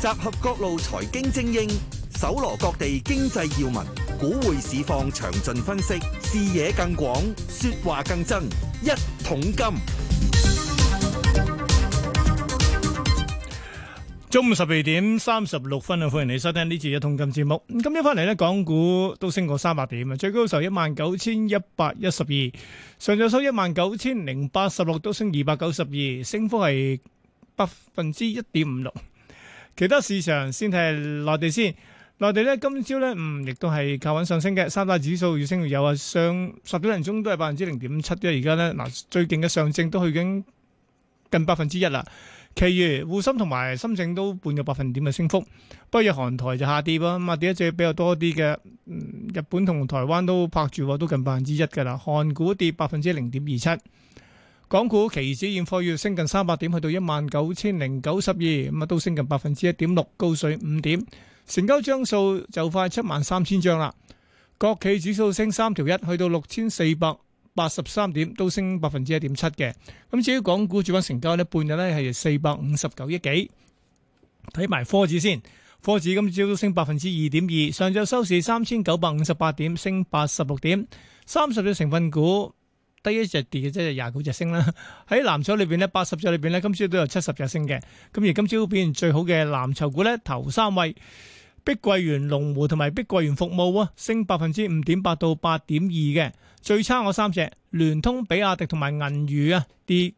集合各路財經精英，搜羅各地經濟要聞，股匯市況詳盡分析，視野更廣，說話更真。一桶金，中午十二點三十六分啊！歡迎你收聽呢次一桶金節目。今日翻嚟咧，港股都升過三百點啊，最高時一萬九千一百一十二，上晝收一萬九千零八十六，都升二百九十二，升幅係百分之一點五六。其他市場先睇內地先，內地咧今朝咧，嗯，亦都係靠穩上升嘅，三大指數越升越有啊，上十幾分鐘都係百分之零點七，因為而家咧嗱最勁嘅上證都去緊近百分之一啦，其餘，滬深同埋深證都半個百分點嘅升幅，不過韓台就下跌噃，咁啊跌咗比較多啲嘅，嗯，日本同台灣都拍住都近百分之一㗎啦，韓股跌百分之零點二七。港股期指現貨月升近三百點，去到一萬九千零九十二，咁啊都升近百分之一點六，高水五點。成交張數就快七萬三千張啦。國企指數升三條一，去到六千四百八十三點，都升百分之一點七嘅。咁至於港股主板成交呢，半日呢係四百五十九億幾。睇埋科指先，科指今朝都升百分之二點二，上晝收市三千九百五十八點，升八十六點。三十隻成分股。一隻跌嘅即係廿九隻升啦，喺藍籌裏邊呢，八十隻裏邊呢，今朝都有七十隻升嘅。咁而今朝表現最好嘅藍籌股呢，頭三位，碧桂園、龍湖同埋碧桂園服務啊，升百分之五點八到八點二嘅。最差嗰三隻，聯通、比亞迪同埋銀娛啊，跌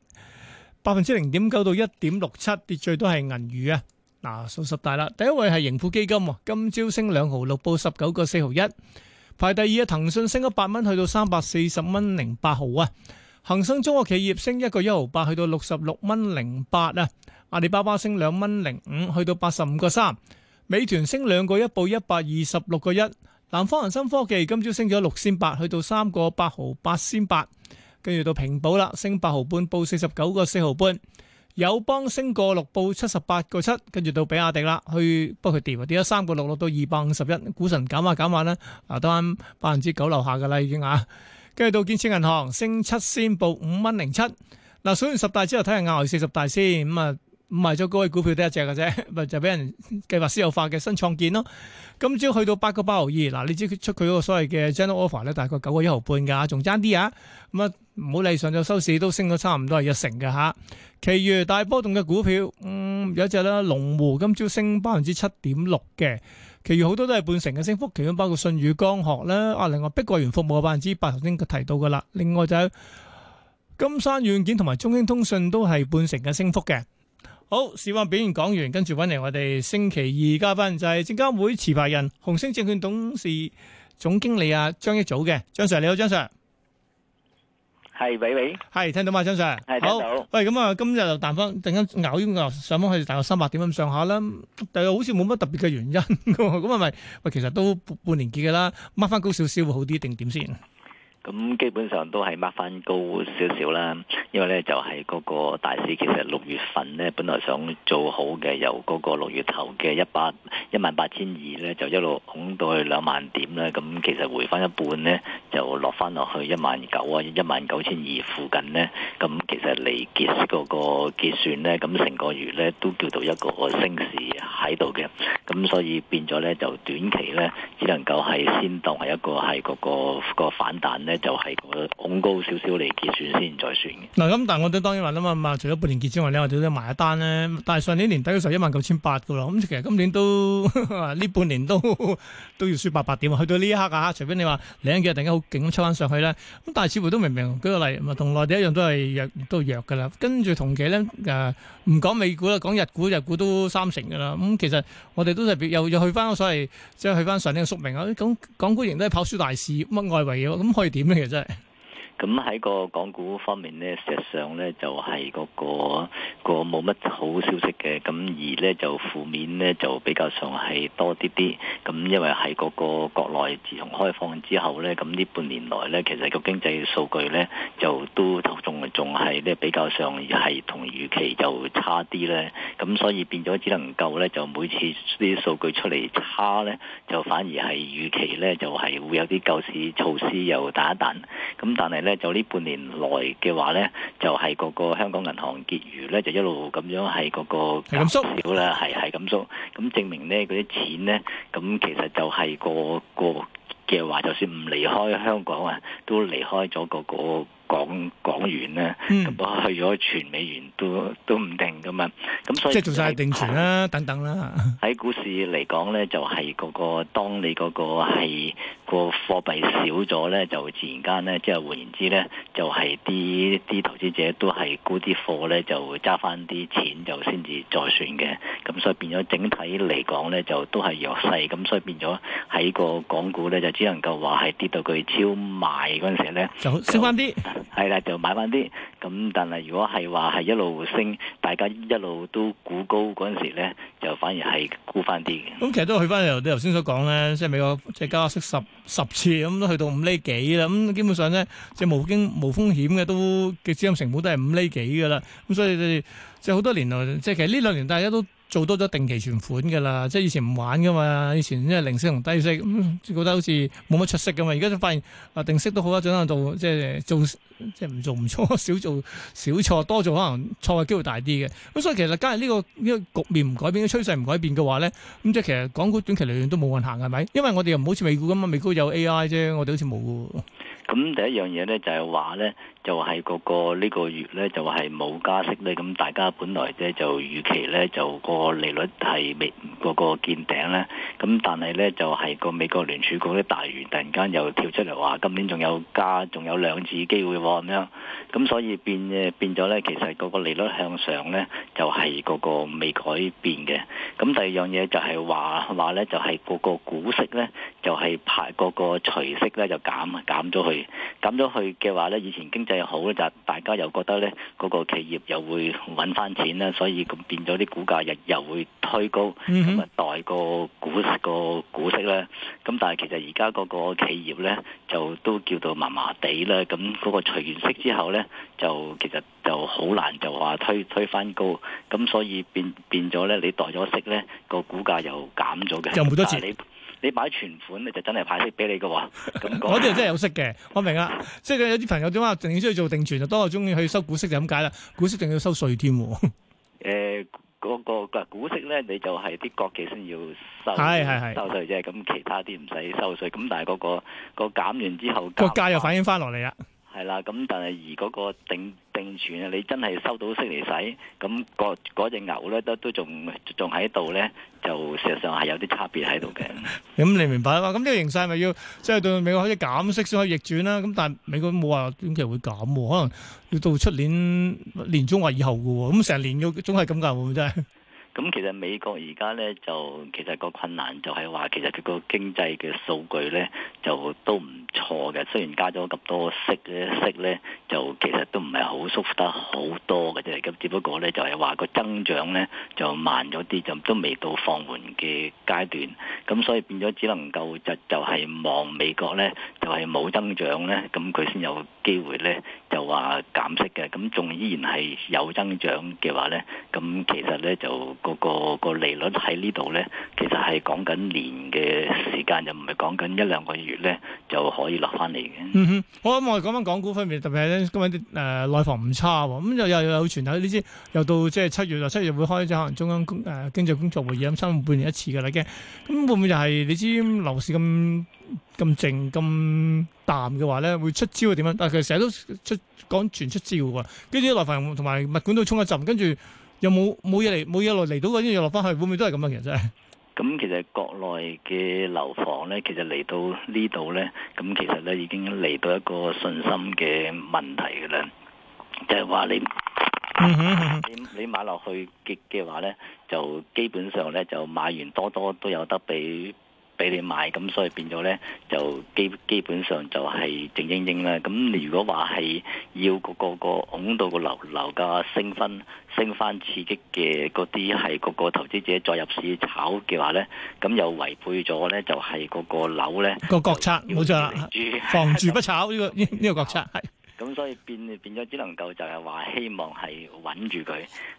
百分之零點九到一點六七，跌最多係銀娛啊。嗱，數十大啦，第一位係盈富基金，今朝升兩毫六，報十九個四毫一。排第二嘅騰訊升咗八蚊去到三百四十蚊零八毫啊，恒生中國企業升一個一毫八去到六十六蚊零八啊，阿里巴巴升兩蚊零五去到八十五個三，美團升兩個一報一百二十六個一，南方恒生科技今朝升咗六仙八去到三個八毫八仙八，跟住到平保啦，升八毫半報四十九個四毫半。友邦升過六，報七十八個七，跟住到比亞迪啦，去幫佢跌 6, 1, 搞碼搞碼啊！跌咗三個六，落到二百五十一，股神減下減下咧，啊都啱百分之九樓下噶啦已經啊，跟住到建設銀行升七先報五蚊零七，嗱，數完十大之後睇下額外四十大先咁啊。嗯唔賣咗高位股票得一隻嘅啫，咪 就俾人計劃私有化嘅新創建咯。今朝去到八個八毫二，嗱，你知佢出佢嗰個所謂嘅 general offer 咧，大概九個一毫半嘅，仲爭啲啊！咁、嗯、啊，唔好理上晝收市都升咗差唔多係一成嘅嚇。其餘大波動嘅股票，嗯，有一隻啦，龍湖今朝升百分之七點六嘅，其餘好多都係半成嘅升幅，其中包括信宇光學啦。啊，另外碧桂園服務百分之八頭先提到嘅啦，另外就係、是、金山軟件同埋中興通訊都係半成嘅升幅嘅。好，時況表現講完，跟住揾嚟我哋星期二嘉賓就係證監會持牌人、紅星證券董事總經理阿張益祖嘅張 Sir，你好，張 Sir，係喂，喂，係聽到嗎？張 Sir，係聽到喂，咁啊，今日就彈返，突然間咬咗個上方去大約三百點咁上下啦，但係好似冇乜特別嘅原因噶，咁係咪？喂，其實都半年結噶啦，掹翻高少少會好啲定點先？咁基本上都係掹翻高少少啦，因為咧就係嗰個大市其實六月份咧本來想做好嘅，由嗰個六月頭嘅一百、一萬八千二咧就一路拱到去兩萬點啦。咁其實回翻一半咧就落翻落去一萬九啊，一萬九千二附近咧。咁其實嚟結嗰個結算咧，咁成個月咧都叫做一個升市喺度嘅。咁所以變咗咧就短期咧只能夠係先當係一個係嗰、嗰個、嗰個反彈就係個恐高少少嚟結算先，再算嘅。嗱咁，但係我哋當然話啦嘛嘛，除咗半年結之外咧，我哋都買一單咧。但係上年年底嗰時候一萬九千八嘅咯。咁其實今年都呢半年都呵呵都要輸八百點啊。去到呢一刻啊嚇，除非你話兩日突然間好勁咁抽翻上去咧。咁但係似乎都明明舉、嗰個例，同內地一樣都係弱，都弱嘅啦。跟住同期咧，誒唔講美股啦，講日股，日股都三成嘅啦。咁、嗯、其實我哋都特又又去翻所謂即係去翻上年嘅宿命啊。咁港股型都係跑輸大市，乜外圍嘢咁可以點樣嘅真？咁喺個港股方面咧，事實上咧就係嗰、嗰個、嗰個冇乜好消息嘅，咁而咧就負面咧就比較上係多啲啲。咁因為係嗰個國內自從開放之後咧，咁呢半年來咧，其實個經濟數據咧就都仲仲係咧比較上係同預期就差啲咧。咁所以變咗只能夠咧，就每次啲數據出嚟差咧，就反而係預期咧就係會有啲救市措施又打一彈，咁但係咧就呢半年來嘅話咧，就係嗰個香港銀行結餘咧就一路咁樣，係嗰個減少啦，係係減少。咁證明咧嗰啲錢咧咁。咁其實就係個個嘅話，就算唔離開香港啊，都離開咗個個，個港港元咧，咁、嗯、去咗全美元都都唔定噶嘛，咁所以即係做晒定存啦、啊，在等等啦、啊。喺股市嚟講咧，就係、是、嗰、那個當你嗰個係個貨幣少咗咧，就自然間咧，即係換言之咧，就係啲啲投資者都係沽啲貨咧，就揸翻啲錢就先至再算嘅。咁所以變咗整體嚟講咧，就都係弱勢，咁所以變咗喺個港股咧，就只能夠話係跌到佢超賣嗰陣時咧，就升翻啲。係啦，就買翻啲咁，但係如果係話係一路升，大家一路都估高嗰陣時咧，就反而係估翻啲嘅。咁、嗯、其實都去翻你頭先所講咧，即係美國即係加息十十次咁都去到五厘幾啦。咁、嗯、基本上咧，即係無經無風險嘅都嘅資金成本都係五厘幾噶啦。咁、嗯、所以即係好多年來，即係其實呢兩年大家都，做多咗定期存款㗎喇，即係以前唔玩㗎嘛，以前即係零息同低息咁、嗯，覺得好似冇乜出息㗎嘛。而家就發現啊，定息都好啊，仲喺度即係做即係唔做唔錯，少做少錯，多做可能錯嘅機會大啲嘅。咁所以其實梗係呢個呢個局面唔改變，啲趨勢唔改變嘅話咧，咁即係其實港股短期嚟講都冇運行係咪？因為我哋又唔好似美股咁啊，美股有 AI 啫，我哋好似冇咁第一樣嘢咧就係話咧，就係個個呢、就係、個月咧就係、係、冇加息咧，咁大家本來咧就預期咧就個利率係未個、個見頂咧，咁但係咧就係、係、個美國聯儲局啲大員突然間又跳出嚟話今年仲有加，仲有兩次機會喎咁樣，咁所以變誒變咗咧，其實個個利率向上咧就係、係、個個未改變嘅。咁第二樣嘢就係話話咧就係、係、個個股息咧就係、係、排、個個除息咧就減減咗去了。減咗去嘅話呢，以前經濟又好咧，就大家又覺得呢，嗰個企業又會搵翻錢啦，所以變咗啲股價又又會推高，咁啊、嗯、哼代個股個股息啦，咁但係其實而家嗰個企業呢，就都叫做麻麻地啦，咁嗰個除完息之後呢，就其實就好難就話推推翻高，咁所以變變咗呢，你代咗息呢，個股價又減咗嘅，但係你？你買存款你就真係派、那個、 息俾你嘅喎，嗰啲真係有息嘅。我明啦，即係有啲朋友點啊，淨係需要做定存，就多過中意去收股息就咁解啦。股息仲要收稅添。誒、欸，嗰、嗰個股息咧，你就係、是、啲國企先要收，係係係收稅啫。咁其他啲唔使收稅。咁但係嗰、嗰個、嗰個減完之後個價又反映翻落嚟啦。係啦，咁、嗯、但係而嗰個定定存啊，你真係收到息嚟使，咁嗰嗰隻牛咧都都仲仲喺度咧，就事實上係有啲差別喺度嘅。咁、 嗯、你明白啦？咁、嗯、呢、呢個形勢咪要即係、就是、對美國開始減息先可以逆轉啦、啊？咁、嗯、但係美國冇話短期會減、啊，可能要到出年年中或以後噶、啊，咁、嗯、成年要總係咁噶，會唔會真係？咁其實美國而家咧就其實個困難就係話其實佢個經濟嘅數據咧就都唔錯嘅，雖然加咗咁多息咧息咧就其實都唔係好舒服得好多嘅啫。咁只不過咧就係、是、話個增長咧就慢咗啲，就都未到放緩嘅階段。咁所以變咗只能夠就就係望美國咧就係、是、冇增長咧，咁佢先有機會咧就話減息嘅。咁仲依然係有增長嘅話咧，咁其實咧就。個個利率喺呢度咧，其實係講緊年嘅時間，又唔係講緊一兩個月咧就可以落翻嚟嘅。嗯哼，好，我諗我哋講翻港股方面，特別係咧今日誒內房唔差，咁又又有傳頭，你知又到即係七月啊，七月會開咗可能中央誒、呃、經濟工作會議，咁差半年一次噶啦驚，咁會唔會就係你知樓市咁咁靜咁淡嘅話咧，會出招啊？點樣？但係佢成日都出講傳出招嘅，跟住內房同埋物管都沖一浸，跟住。有冇冇嘢嚟？冇嘢落嚟到啲嘢落翻去，會唔會都係咁樣？其實咁，其實國內嘅樓房咧，其實嚟到呢度咧，咁其實咧已經嚟到一個信心嘅問題嘅啦，即係話你 你你買落去嘅嘅話咧，就基本上咧就買完多多都有得俾。俾你買，咁所以變咗咧，就基基本上就係靜英英啦。咁如果話係要個個拱到個樓樓價升翻，升翻刺激嘅嗰啲係個個投資者再入市炒嘅話咧，咁又違背咗咧，就係個個樓咧個國策，冇錯啦，房住不炒呢個呢個國策係。咁、嗯、所以變變咗，只能夠就係話希望係穩住佢。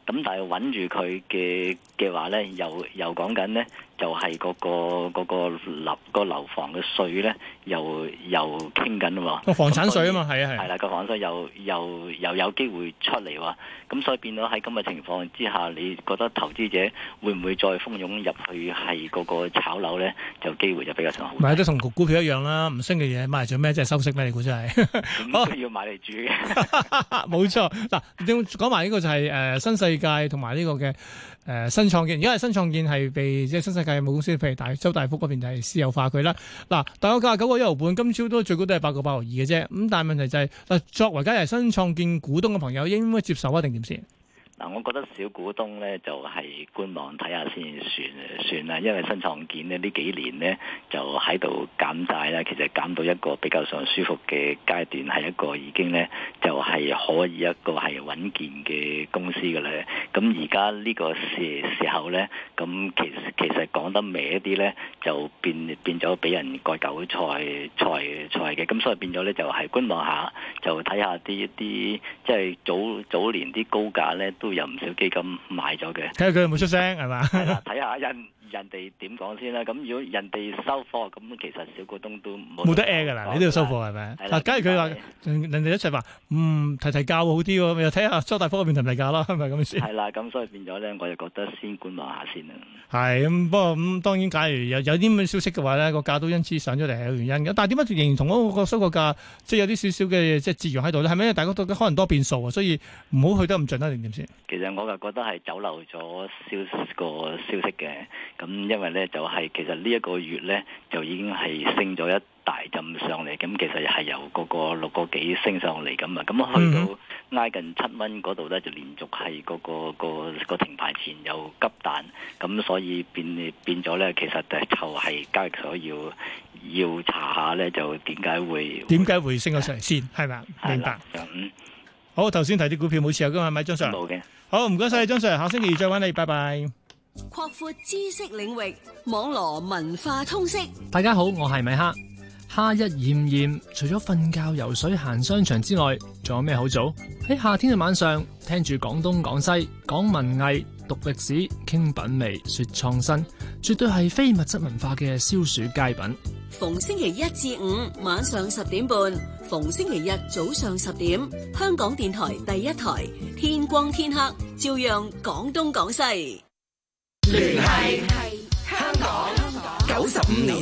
咁但係穩住佢嘅嘅話咧，又又講緊咧，就係嗰個嗰個樓房嘅稅咧，又、嗰個嗰個嗰個嗰個、又傾緊喎。個、哦、房產稅啊嘛，係啊係。係啦是，個房產稅又又又，又有機會出嚟喎。咁、啊、所以變到喺咁嘅情況之下，你覺得投資者會唔會再蜂湧入去係個個炒樓咧？就機會就比較上唔得都同股票一樣啦。唔升嘅嘢買咗咩？即係收息咩？你估真係？唔、 嗯、要買。嚟住嘅，冇 錯。嗱，仲講埋呢個就係、是、誒、呃、新世界同埋呢個嘅誒、呃、新創建。而家係新創建係被即係新世界嘅母公司譬如大周大福嗰邊就係私有化佢啦。嗱，大約九廿九個一毫半，今朝都最高都係八個八毫二嘅啫。咁但係問題就係，嗱，作為今日新創建股東嘅朋友，應該接受啊定點先？嗱、啊，我覺得小股東咧就係、是、觀望睇下先算算啦，因為新創建咧呢幾年咧就喺度減債啦，其實減到一個比較上舒服嘅階段，係一個已經咧就係、是、可以一個係穩健嘅公司嘅咧。咁而家呢個時時候咧，咁其其實講得歪一啲咧，就變變咗俾人割韭菜菜菜嘅。咁所以變咗咧就係、是、觀望下，就睇下啲一啲即係早早年啲高價咧都。有唔少基金買咗嘅，睇下佢有冇出聲係嘛？睇下 人人哋點講先啦。咁如果人哋收貨，咁其實小股東都冇得嘅啦你都要收貨係咪？假如佢話人哋一齊話，嗯提提價好啲喎，咁又睇下蘇大科嗰邊提唔提價啦，係咪咁先？係啦，咁所以變咗咧，我就覺得先觀望下先啦。係、嗯，不過咁、嗯、當然，假如有有啲咁嘅消息嘅話咧，個價都因此上咗嚟係有原因嘅。但係點解仍然同嗰個收貨價即係、就是、有啲少少嘅即係折讓喺度咧？係咪大家都可能多變數啊？所以唔好去得咁盡啦，定點先？其實我就覺得係走漏咗消個消息嘅，咁因為咧就係、係、其實呢一個月咧就已經係升咗一大浸上嚟，咁其實係由嗰個六個幾升上嚟咁啊，咁去到挨近七蚊嗰度咧就連續係、嗰個、嗰個、嗰個停牌前有急彈，咁所以變變咗咧，其實就係交易所要要查下咧，就點解會點解會升咗上嚟先係嘛？吧明白咁。好，頭先提啲股票每次有噶嘛，係咪張 Sir? 好，唔該晒張 Sir 下星期再搵你，拜拜。擴闊知識領域，網羅文化通識。大家好，我係米哈。夏日炎炎，除咗瞓覺、游水、行商場之外，仲有咩好做？喺夏天嘅晚上，聽住廣東廣西，講文藝，讀歷史，傾品味，說創新，絕對係非物質文化嘅消暑佳品。逢星期一至五晚上十點半，逢星期日早上十點，香港電台第一台，天光天黑照樣講東講西，聯繫香港九十五年。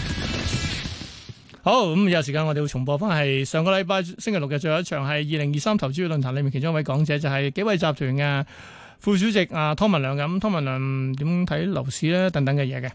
好，咁有時間我哋會重播翻，係上個禮拜星期六嘅最後一場，係二零二三投資論壇裡面其中一位講者就係幾位集團嘅副主席啊，湯文亮。咁、嗯，湯文亮點睇樓市咧等等嘅嘢嘅。